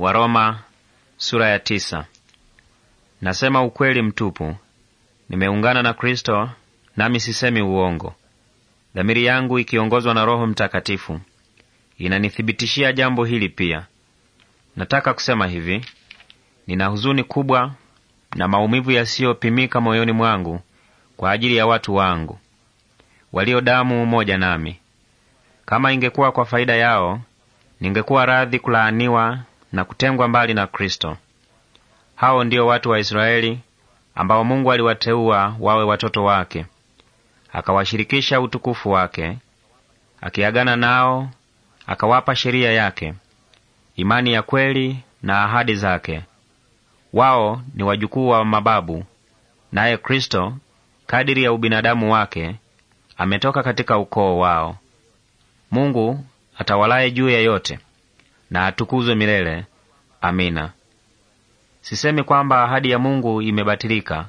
Waroma sura ya tisa. Nasema ukweli mtupu, nimeungana na Kristo, nami sisemi uongo. Dhamiri yangu ikiongozwa na Roho Mtakatifu inanithibitishia jambo hili pia. Nataka kusema hivi: nina huzuni kubwa na maumivu yasiyopimika moyoni mwangu kwa ajili ya watu wangu walio damu moja nami. Kama ingekuwa kwa faida yao, ningekuwa radhi kulaaniwa na kutengwa mbali na Kristo. Hao ndio watu wa Israeli ambao Mungu aliwateua wawe watoto wake, akawashirikisha utukufu wake, akiagana nao, akawapa sheria yake, imani ya kweli na ahadi zake. Wao ni wajukuu wa mababu, naye Kristo kadiri ya ubinadamu wake ametoka katika ukoo wao. Mungu atawalaye juu ya yote na atukuzwe milele. Amina. Sisemi kwamba ahadi ya Mungu imebatilika,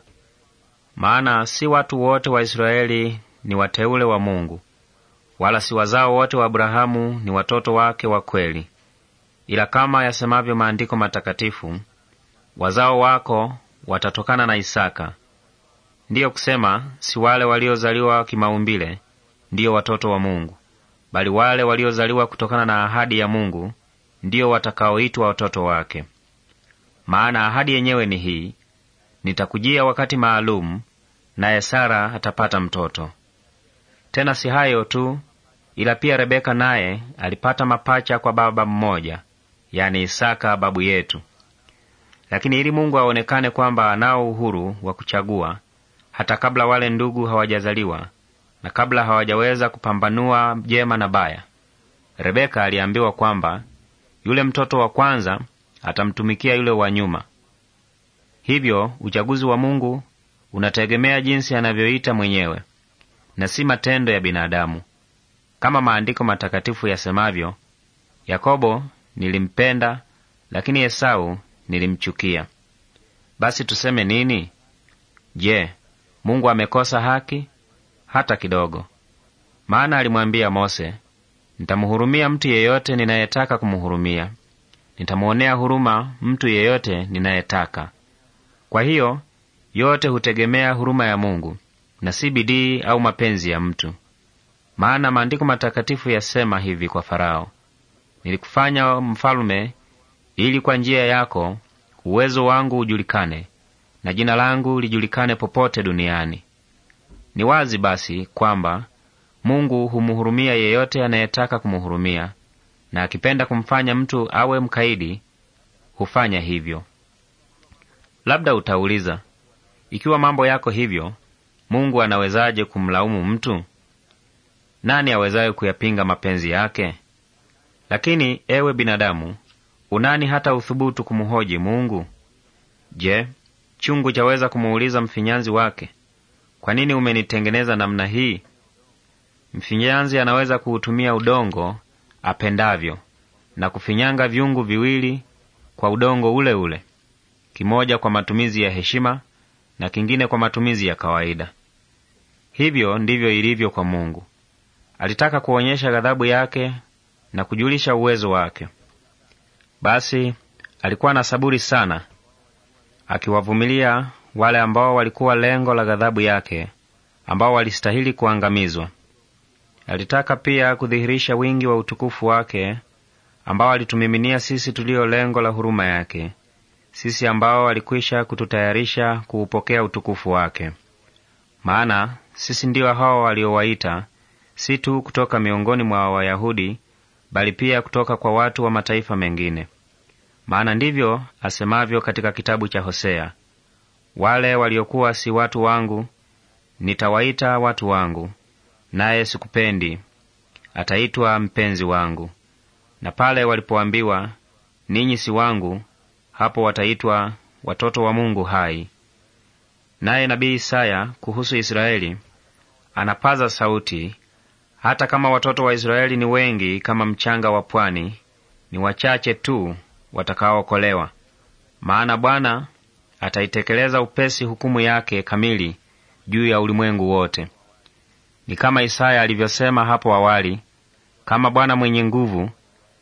maana si watu wote wa Israeli ni wateule wa Mungu, wala si wazao wote wa Abrahamu ni watoto wake wa kweli. Ila kama yasemavyo maandiko matakatifu, wazao wako watatokana na Isaka. Ndiyo kusema si wale waliozaliwa kimaumbile ndiyo watoto wa Mungu, bali wale waliozaliwa kutokana na ahadi ya Mungu ndiyo watakaoitwa watoto wake. Maana ahadi yenyewe ni hii: nitakujia wakati maalum, naye Sara atapata mtoto. Tena si hayo tu, ila pia Rebeka naye alipata mapacha kwa baba mmoja, yani Isaka babu yetu. Lakini ili Mungu aonekane kwamba anao uhuru wa kuchagua hata kabla wale ndugu hawajazaliwa na kabla hawajaweza kupambanua jema na baya, Rebeka aliambiwa kwamba yule mtoto wa kwanza atamtumikia yule wa nyuma. Hivyo uchaguzi wa Mungu unategemea jinsi anavyoita mwenyewe na si matendo ya binadamu, kama maandiko matakatifu yasemavyo, Yakobo nilimpenda, lakini Esau nilimchukia. Basi tuseme nini? Je, Mungu amekosa haki? Hata kidogo! Maana alimwambia Mose, Nitamhurumia mtu yeyote ninayetaka kumhurumia, nitamwonea huruma mtu yeyote ninayetaka. Kwa hiyo yote hutegemea huruma ya Mungu na si bidii au mapenzi ya mtu. Maana maandiko matakatifu yasema hivi kwa Farao, nilikufanya mfalume ili kwa njia yako uwezo wangu ujulikane na jina langu lijulikane popote duniani. Ni wazi basi kwamba Mungu humuhurumia yeyote anayetaka kumuhurumia, na akipenda kumfanya mtu awe mkaidi hufanya hivyo. Labda utauliza, ikiwa mambo yako hivyo, Mungu anawezaje kumlaumu mtu? Nani awezaye kuyapinga mapenzi yake? Lakini ewe binadamu, unani hata uthubutu kumhoji Mungu? Je, chungu chaweza kumuuliza mfinyanzi wake, kwa nini umenitengeneza namna hii? Mfinyanzi anaweza kuutumia udongo apendavyo na kufinyanga vyungu viwili kwa udongo ule ule, kimoja kwa matumizi ya heshima na kingine kwa matumizi ya kawaida. Hivyo ndivyo ilivyo kwa Mungu. Alitaka kuonyesha ghadhabu yake na kujulisha uwezo wake. Basi alikuwa na saburi sana, akiwavumilia wale ambao walikuwa lengo la ghadhabu yake, ambao walistahili kuangamizwa. Alitaka pia kudhihirisha wingi wa utukufu wake ambao alitumiminia sisi tulio lengo la huruma yake, sisi ambao alikwisha kututayarisha kuupokea utukufu wake. Maana sisi ndiwo hao waliowaita, si tu kutoka miongoni mwa Wayahudi, bali pia kutoka kwa watu wa mataifa mengine. Maana ndivyo asemavyo katika kitabu cha Hosea, wale waliokuwa si watu wangu nitawaita watu wangu, naye sikupendi ataitwa mpenzi wangu. Na pale walipoambiwa ninyi si wangu, hapo wataitwa watoto wa Mungu hai. Naye nabii Isaya kuhusu Israeli anapaza sauti, hata kama watoto wa Israeli ni wengi kama mchanga wa pwani, ni wachache tu watakaookolewa. Maana Bwana ataitekeleza upesi hukumu yake kamili juu ya ulimwengu wote. Ni kama Isaya alivyosema hapo awali, kama Bwana mwenye nguvu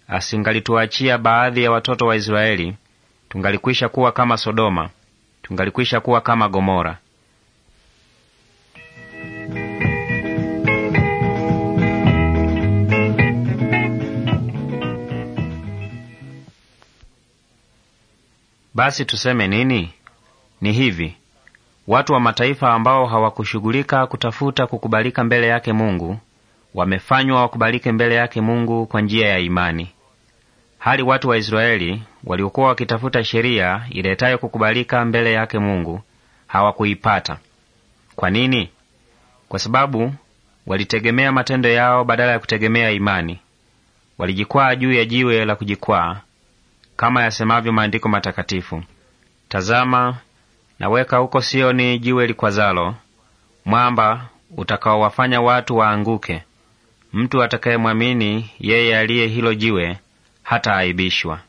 asingalituachia baadhi ya watoto wa Israeli, tungalikwisha kuwa kama Sodoma, tungalikwisha kuwa kama Gomora. Basi tuseme nini? Ni hivi: Watu wa mataifa ambao hawakushughulika kutafuta kukubalika mbele yake Mungu wamefanywa wakubalike mbele yake Mungu kwa njia ya imani. Hali watu wa Israeli waliokuwa wakitafuta sheria iletayo kukubalika mbele yake Mungu hawakuipata. Kwa nini? Kwa sababu walitegemea matendo yao badala ya kutegemea imani. Walijikwaa juu ya jiwe la kujikwaa, kama yasemavyo maandiko matakatifu: tazama, Naweka huko Sioni jiwe likwazalo, mwamba utakaowafanya watu waanguke. Mtu atakayemwamini yeye aliye hilo jiwe hata aibishwa.